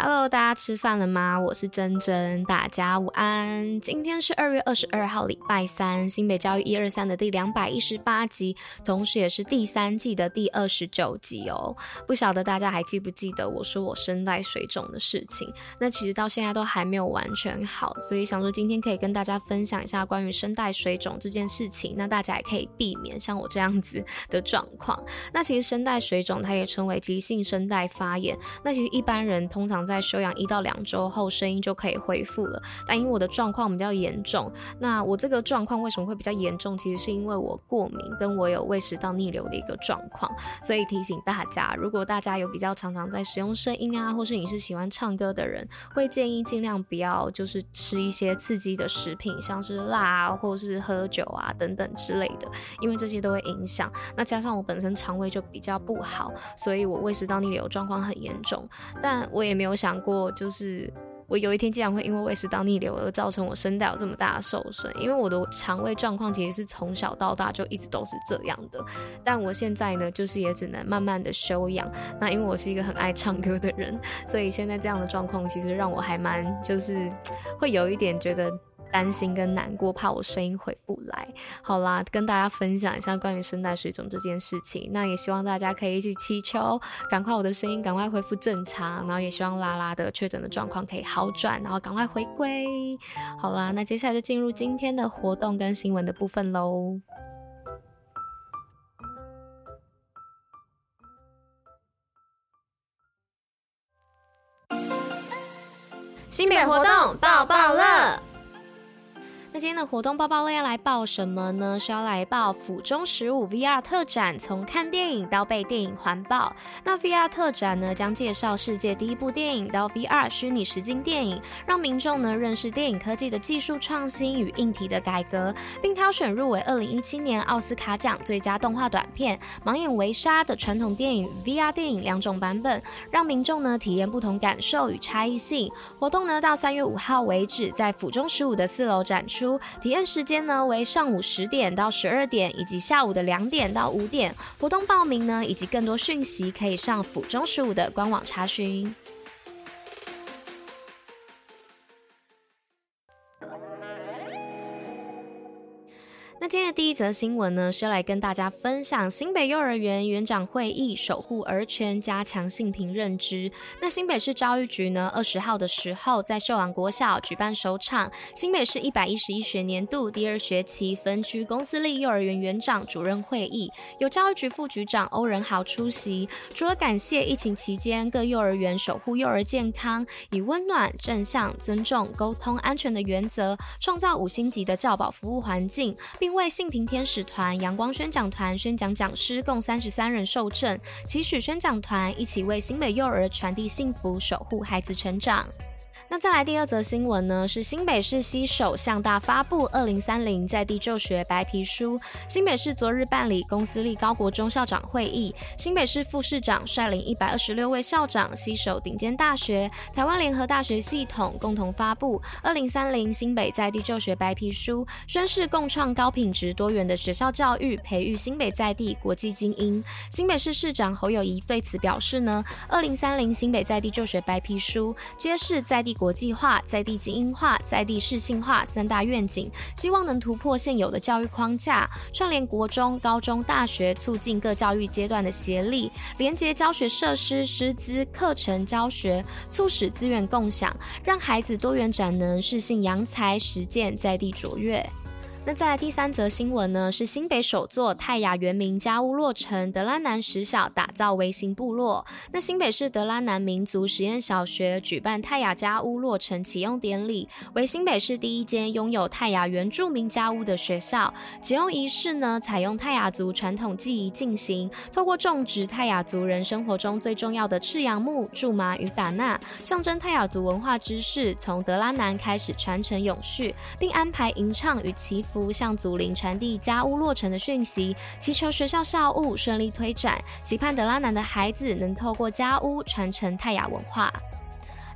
Hello，大家吃飯了嗎？我是珍珍，大家午安。今天是二月二十二號，禮拜三，新北教育一二三的第兩百一十八集，同時也是第三季的第二十九集哦。不曉得大家還記不記得我說我聲帶水腫的事情？那其實到現在都還沒有完全好，所以想說今天可以跟大家分享一下關於聲帶水腫這件事情，那大家也可以避免像我這樣子的狀況。那其實聲帶水腫，它也稱為急性聲帶發炎。那其實一般人通常。在休養一到兩周後，聲音就可以恢復了。但因為我的狀況比較嚴重，那我這個狀況為什麼會比較嚴重？其實是因為我過敏，跟我有胃食道逆流的一個狀況。所以提醒大家，如果大家有比較常常在使用聲音啊，或是你是喜歡唱歌的人，會建議儘量不要就是吃一些刺激的食品，像是辣啊，或是喝酒啊等等之類的，因為這些都會影響。那加上我本身腸胃就比較不好，所以我胃食道逆流狀況很嚴重。但我也沒有。想過，就是我有一天竟然會因為胃食道逆流而造成我聲帶有這麼大的受損，因為我的腸胃狀況其實是從小到大就一直都是這樣的。但我現在呢，就是也只能慢慢的休養。那因為我是一個很愛唱歌的人，所以現在這樣的狀況其實讓我還蠻就是會有一點覺得。擔心跟難過，怕我聲音回不來。好啦，跟大家分享一下關於聲帶水腫這件事情。那也希望大家可以一起祈求，趕快我的聲音趕快恢復正常，然後也希望拉拉的確診的狀況可以好轉，然後趕快回歸。好啦，那接下來就進入今天的活動跟新聞的部分嘍。新北活動報報樂。報報樂那今天的活動報報樂要來報什麼呢？是要來報府中十五 VR 特展，從看電影到被電影環抱。那 VR 特展呢，將介紹世界第一部電影到 VR 虛擬實境電影，讓民眾呢認識電影科技的技術創新與硬體的改革，並挑選入圍二零一七年奧斯卡獎最佳動畫短片《盲眼維沙》的傳統電影、VR 電影兩種版本，讓民眾呢體驗不同感受與差異性。活動呢到三月五號為止，在府中十五的四樓展出。體驗時間呢為上午十點到十二點，以及下午的兩點到五點。活動報名呢，以及更多訊息可以上府中十五的官網查詢。那今天的第一則新聞呢，是要來跟大家分享新北幼兒園園長會議，守護兒權，加強性平認知。那新北市教育局呢，二十號的時候在秀朗國小舉辦首場新北市一百一十一學年度第二學期分區公私立幼兒園園長主任會議，由教育局副局長歐仁豪出席，除了感謝疫情期間各幼兒園守護幼兒健康，以溫暖、正向、尊重、溝通、安全的原則，創造五星級的教保服務環境，並，因為性平天使團、陽光宣講團宣講講師共三十三人受證，祈許宣講團一起為新北幼兒傳遞幸福，守護孩子成長。那再來第二則新聞呢？是新北市攜手頂大發布《二零三零在地就學白皮書》。新北市昨日辦理公私立高國中校長會議，新北市副市長率領一百二十六位校長攜手頂尖大學、台灣聯合大學系統共同發布《二零三零新北在地就學白皮書》，宣示共創高品質多元的學校教育，培育新北在地國際精英。新北市市長侯友宜對此表示呢，《二零三零新北在地就學白皮書》揭示在地國際化、在地精英化、在地適性化三大願景，希望能突破現有的教育框架，串聯國中、高中、大學，促進各教育階段的協力，連接教學設施、師資、課程、教學，促使資源共享，讓孩子多元展能、適性揚才、實踐在地卓越。那再來第三則新聞呢？是新北首座泰雅原民家屋落成，德拉楠實小打造微型部落。那新北市德拉楠民族實驗小學舉辦泰雅家屋落成啟用典禮，為新北市第一間擁有泰雅原住民家屋的學校。啟用儀式呢，採用泰雅族傳統祭儀進行，透過種植泰雅族人生活中最重要的赤楊木、苎麻與打納，象徵泰雅族文化知識從德拉楠開始傳承永續，並安排吟唱與祈福。夫向祖靈傳遞家屋落成的訊息，祈求學校校務順利推展，期盼德拉楠的孩子能透過家屋傳承泰雅文化。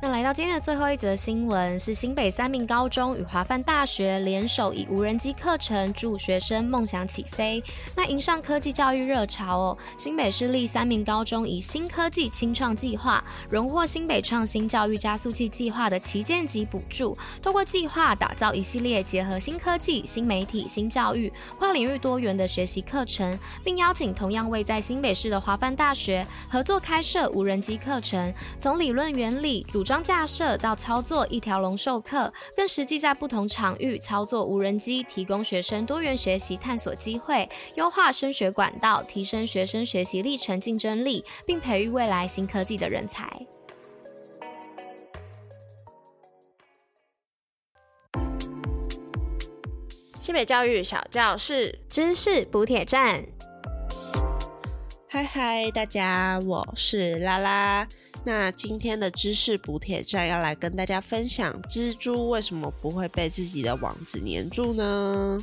那來到今天的最後一則新聞，是新北三民高中與華梵大學聯手，以無人機課程助學生夢想起飛。那迎上科技教育熱潮哦，新北市立三民高中以新科技青創計劃榮獲新北創新教育加速器計劃的旗艦級補助，通過計劃打造一系列結合新科技、新媒體、新教育跨領域多元的學習課程，並邀請同樣位在新北市的華梵大學合作開設無人機課程，從理論原理組，裝架設到操作一條龍授課，更實際在不同場域操作無人機，提供學生多元學習探索機會，優化升學管道，提升學生學習歷程競爭力，並培育未來新科技的人才。新北教育小教室，知識補帖站，嗨嗨，大家，我是拉拉。那今天的知識補帖站要來跟大家分享，蜘蛛為什麼不會被自己的網子黏住呢？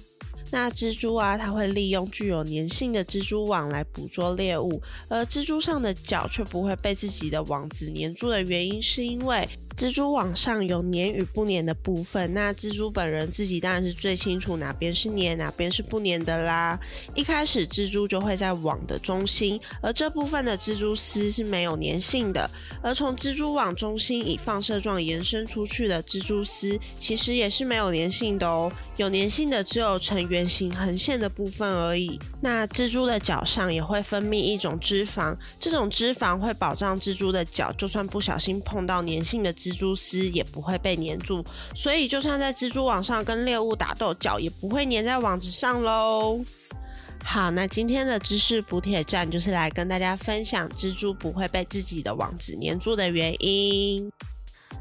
那蜘蛛啊，它會利用具有粘性的蜘蛛網來捕捉獵物，而蜘蛛上的腳卻不會被自己的網子黏住的原因，是因為。蜘蛛網上有粘與不粘的部分，那蜘蛛本人自己當然是最清楚哪邊是粘，哪邊是不粘的啦。一開始蜘蛛就會在網的中心，而這部分的蜘蛛絲是沒有粘性的。而從蜘蛛網中心以放射狀延伸出去的蜘蛛絲，其實也是沒有粘性的哦，有粘性的只有呈圓形橫線的部分而已。那蜘蛛的腳上也會分泌一種脂肪，這種脂肪會保障蜘蛛的腳，就算不小心碰到粘性的脂肪。蜘蛛絲也不會被黏住，所以就算在蜘蛛網上跟獵物打鬥，腳也不會粘在網子上嘍。好，那今天的知識補帖站就是來跟大家分享蜘蛛不會被自己的網子粘住的原因。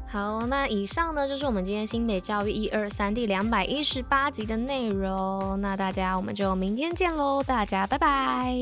好，那以上呢就是我們今天新北教育一二三第兩百一十八集的內容。那大家我們就明天見嘍，大家拜拜。